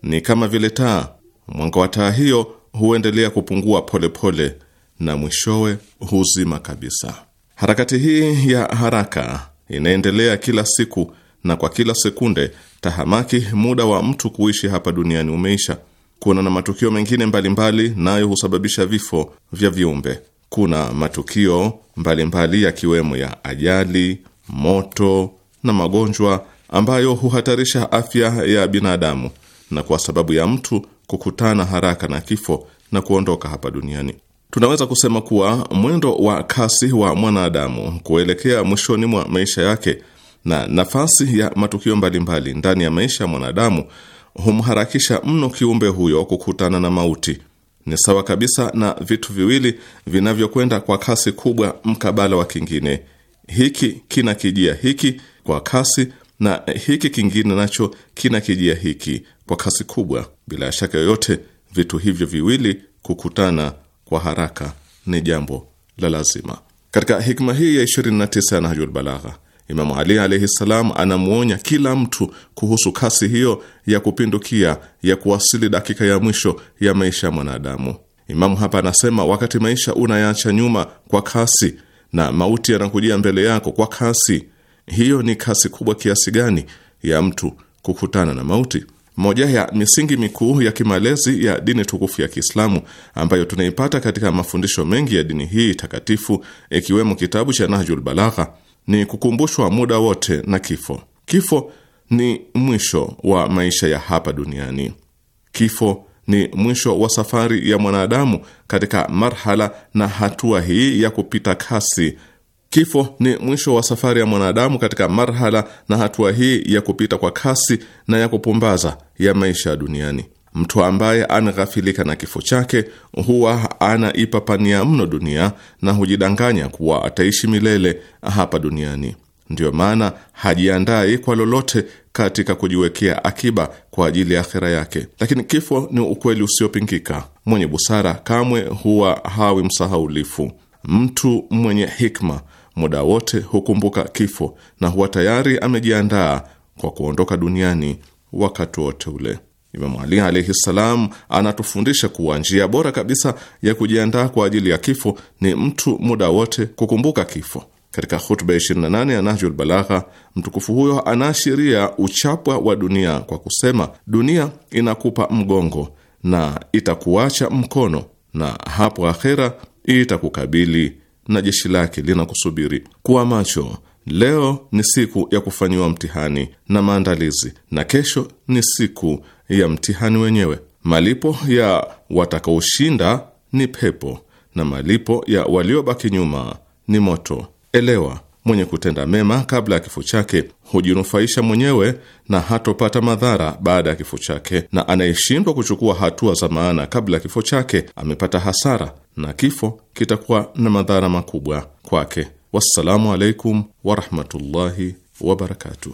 Ni kama vile taa, mwanga wa taa hiyo huendelea kupungua polepole pole, na mwishowe huzima kabisa. Harakati hii ya haraka inaendelea kila siku na kwa kila sekunde tahamaki muda wa mtu kuishi hapa duniani umeisha. Kuna na matukio mengine mbalimbali nayo husababisha vifo vya viumbe. Kuna matukio mbalimbali yakiwemo ya ajali, moto na magonjwa ambayo huhatarisha afya ya binadamu na kwa sababu ya mtu kukutana haraka na kifo na kuondoka hapa duniani. Tunaweza kusema kuwa mwendo wa kasi wa mwanadamu kuelekea mwishoni mwa maisha yake na nafasi ya matukio mbalimbali mbali ndani ya maisha ya mwanadamu humharakisha mno kiumbe huyo kukutana na mauti. Ni sawa kabisa na vitu viwili vinavyokwenda kwa kasi kubwa mkabala wa kingine, hiki kina kijia hiki kwa kasi na hiki kingine nacho kina kijia hiki kwa kasi kubwa. Bila shaka yoyote, vitu hivyo viwili kukutana kwa haraka ni jambo la lazima. Katika hikma hii ya 29 ya Nahjul Balagha Imamu Ali alaihi ssalam anamwonya kila mtu kuhusu kasi hiyo ya kupindukia ya kuwasili dakika ya mwisho ya maisha ya mwanadamu. Imamu hapa anasema, wakati maisha unayaacha nyuma kwa kasi na mauti yanakujia mbele yako kwa kasi, hiyo ni kasi kubwa kiasi gani ya mtu kukutana na mauti? Moja ya misingi mikuu ya kimalezi ya dini tukufu ya Kiislamu ambayo tunaipata katika mafundisho mengi ya dini hii takatifu, ikiwemo kitabu cha Nahjul Balagha ni kukumbushwa muda wote na kifo. Kifo ni mwisho wa maisha ya hapa duniani. Kifo ni mwisho wa safari ya mwanadamu katika marhala na hatua hii ya kupita kasi. Kifo ni mwisho wa safari ya mwanadamu katika marhala na hatua hii ya kupita kwa kasi na ya kupumbaza ya maisha ya duniani. Mtu ambaye anaghafilika na kifo chake huwa ipapania mno dunia na hujidanganya kuwa ataishi milele hapa duniani. Ndiyo maana hajiandai kwa lolote katika kujiwekea akiba kwa ajili ya akhera yake. Lakini kifo ni ukweli usiopingika. Mwenye busara kamwe huwa hawi msahaulifu. Mtu mwenye hikma muda wote hukumbuka kifo na huwa tayari amejiandaa kwa kuondoka duniani wakati wote ule. Imam Ali alaihi ssalam anatufundisha kuwa njia bora kabisa ya kujiandaa kwa ajili ya kifo ni mtu muda wote kukumbuka kifo. Katika hutuba ya 28 ya Nahjul Balagha, mtukufu huyo anaashiria uchapwa wa dunia kwa kusema, dunia inakupa mgongo na itakuacha mkono, na hapo akhera itakukabili na jeshi lake linakusubiri. Kuwa macho Leo ni siku ya kufanyiwa mtihani na maandalizi, na kesho ni siku ya mtihani wenyewe. Malipo ya watakaoshinda ni pepo na malipo ya waliobaki nyuma ni moto. Elewa, mwenye kutenda mema kabla ya kifo chake hujinufaisha mwenyewe na hatopata madhara baada ya kifo chake, na anayeshindwa kuchukua hatua za maana kabla ya kifo chake amepata hasara, na kifo kitakuwa na madhara makubwa kwake. Wassalamu alaikum warahmatullahi wabarakatuh.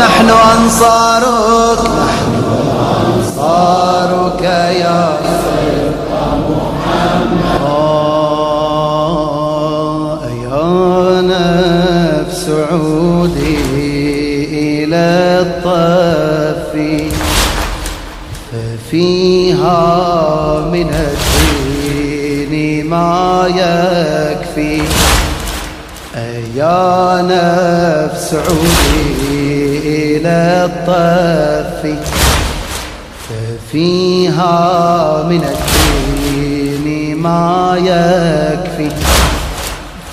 نحن أنصار ففيها من الدين ما يكفي أيا نفس عودي إلى الطف ففيها من الدين ما يكفي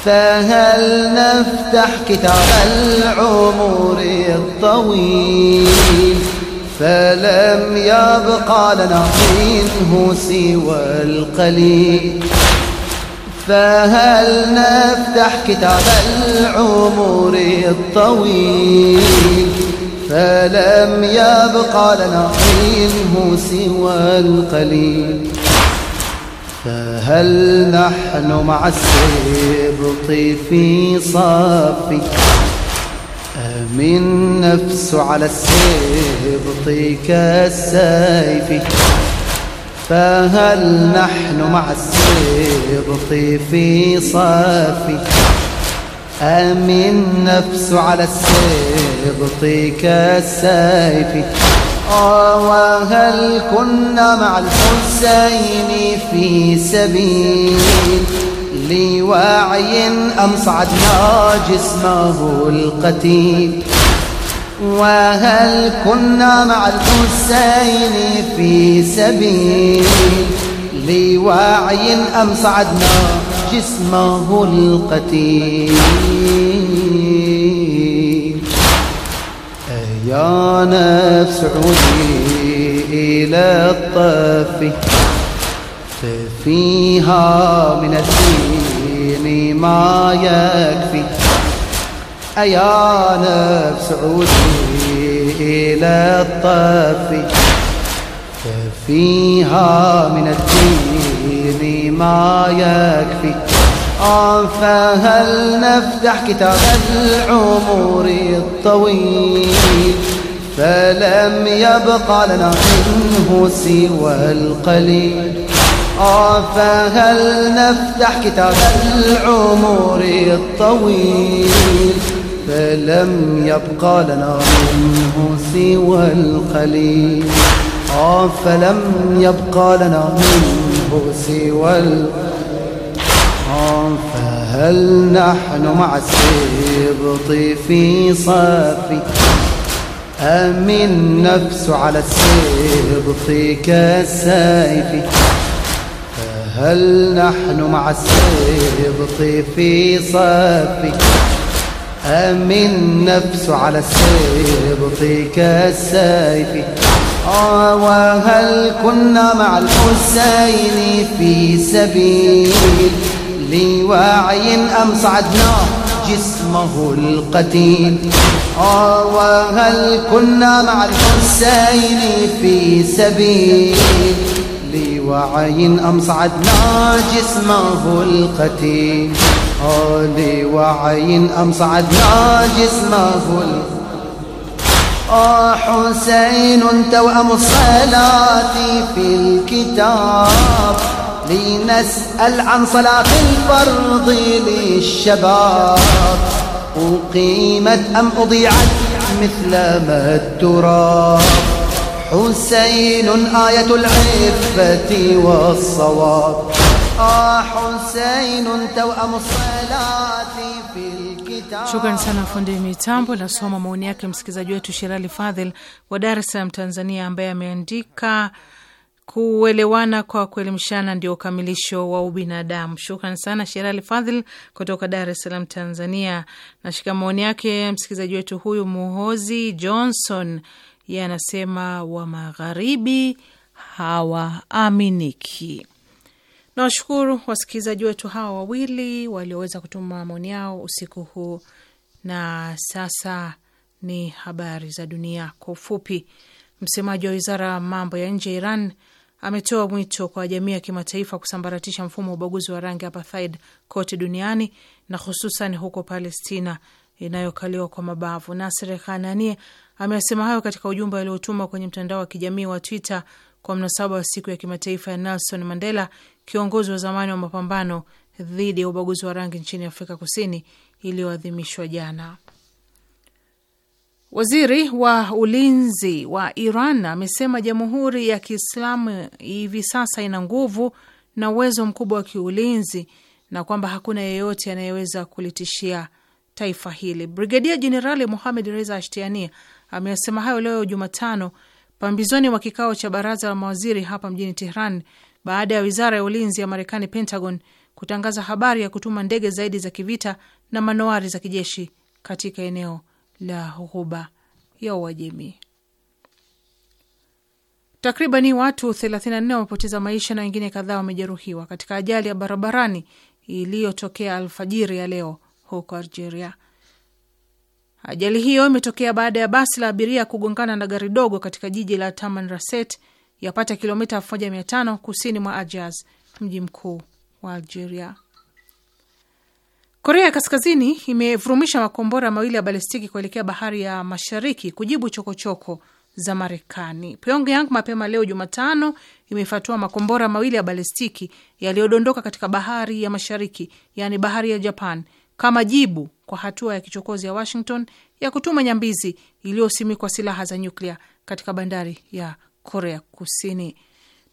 فهل نفتح كتاب العمر الطويل فلم يبقى لنا منه سوى القليل فهل نفتح كتاب العمر الطويل فلم يبقى لنا منه سوى القليل فهل نحن مع السبط في صافي من نفس على السبط كالسيف فهل نحن مع السبط في صافي أم النفس على السبط كالسيف آه، وهل كنا مع الحسين في سبيل لي واعي أم صعدنا جسمه القتيل وهل كنا مع الحسين في سبيل لي واعي أم صعدنا جسمه القتيل يا نفس عودي إلى الطفي فيها من الدين ما يكفي أيا نفس عودي إلى الطف فيها من الدين ما يكفي آه، فهل نفتح كتاب العمر الطويل فلم يبقى لنا منه سوى القليل فهل نفتح كتاب العمر الطويل فلم يبقى لنا منه سوى القليل آه، فلم يبقى لنا منه سوى القليل آه، فهل نحن مع السبط في صافي أم النفس على السبط كالسيف هل نحن مع السبط في صفي أم النفس على السبط كالسيف آه وهل كنا مع الحسين في سبيل لوعي أم صعدنا جسمه القتيل آه وهل كنا مع الحسين في سبيل وعين أم صعدنا جسمه القتيل أولي وعين أم صعدنا جسمه القتيل آه حسين توأم الصلاة في الكتاب لنسأل عن صلاة الفرض للشباب أقيمت أم أضيعت مثل ما التراب حسين آية العفة والصواب آه حسين توأم الصلاة في Shukran sana fundi mitambo. Nasoma maoni yake msikilizaji wetu Sherali Fadhil wa Dar es Salaam, Tanzania, ambaye ameandika kuelewana kwa kuelimishana ndio ukamilisho wa ubinadamu. Shukran sana Sherali Fadhil kutoka Dar es Salaam, Tanzania. Nashika maoni yake msikilizaji wetu huyu Muhozi Johnson yeye anasema wa magharibi hawaaminiki. Nawashukuru wasikilizaji wetu hawa wawili walioweza kutuma maoni yao usiku huu, na sasa ni habari za dunia kwa ufupi. Msemaji wa wizara ya mambo ya nje ya Iran ametoa mwito kwa jamii ya kimataifa kusambaratisha mfumo wa ubaguzi wa rangi apartheid kote duniani na hususan huko Palestina inayokaliwa kwa mabavu. Nasir Kanani Amesema hayo katika ujumbe aliotuma kwenye mtandao wa kijamii wa Twitter kwa mnasaba wa siku ya kimataifa ya Nelson Mandela, kiongozi wa zamani wa mapambano dhidi ya ubaguzi wa rangi nchini Afrika Kusini iliyoadhimishwa jana. Waziri wa ulinzi wa Iran amesema Jamhuri ya Kiislamu hivi sasa ina nguvu na uwezo mkubwa wa kiulinzi na kwamba hakuna yeyote anayeweza kulitishia taifa hili. Brigedia Jenerali muhamed Reza ashtiania ameyasema hayo leo Jumatano pambizoni mwa kikao cha baraza la mawaziri hapa mjini Tehran baada ya wizara ya ulinzi ya Marekani, Pentagon, kutangaza habari ya kutuma ndege zaidi za kivita na manowari za kijeshi katika eneo la Ghuba ya Uajemi. Takribani watu 34 wamepoteza maisha na wengine kadhaa wamejeruhiwa katika ajali ya barabarani iliyotokea alfajiri ya leo huko Algeria. Ajali hiyo imetokea baada ya basi la abiria kugongana na gari dogo katika jiji la taman raset yapata kilomita 1500 kusini mwa Ajaz, mji mkuu wa Algeria. Korea ya Kaskazini imevurumisha makombora mawili ya balistiki kuelekea bahari ya Mashariki kujibu chokochoko choko za Marekani. Pyongyang mapema leo Jumatano imefatua makombora mawili ya balistiki yaliyodondoka katika bahari ya Mashariki, yaani bahari ya Japan, kama jibu kwa hatua ya kichokozi ya Washington ya kutuma nyambizi iliyosimikwa silaha za nyuklia katika bandari ya Korea Kusini.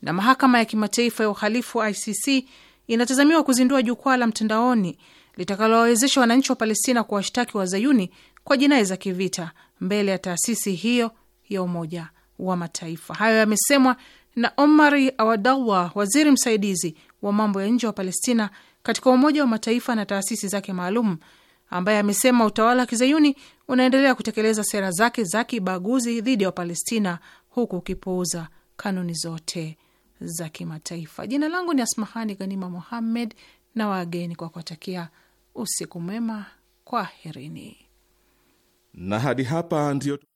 Na mahakama ya kimataifa ya uhalifu ICC inatazamiwa kuzindua jukwaa la mtandaoni litakalowawezesha wananchi wa Palestina kuwashtaki wazayuni kwa jinai za kivita mbele ya taasisi hiyo ya Umoja wa Mataifa. Hayo yamesemwa na Omar Awadallah, waziri msaidizi wa mambo ya nje wa Palestina katika Umoja wa Mataifa na taasisi zake maalum, ambaye amesema utawala wa kizayuni unaendelea kutekeleza sera zake za kibaguzi dhidi ya Wapalestina huku ukipuuza kanuni zote za kimataifa. Jina langu ni Asmahani Ghanima muhammed na wageni kwa kuwatakia usiku mwema, kwaherini na hadi hapa ndio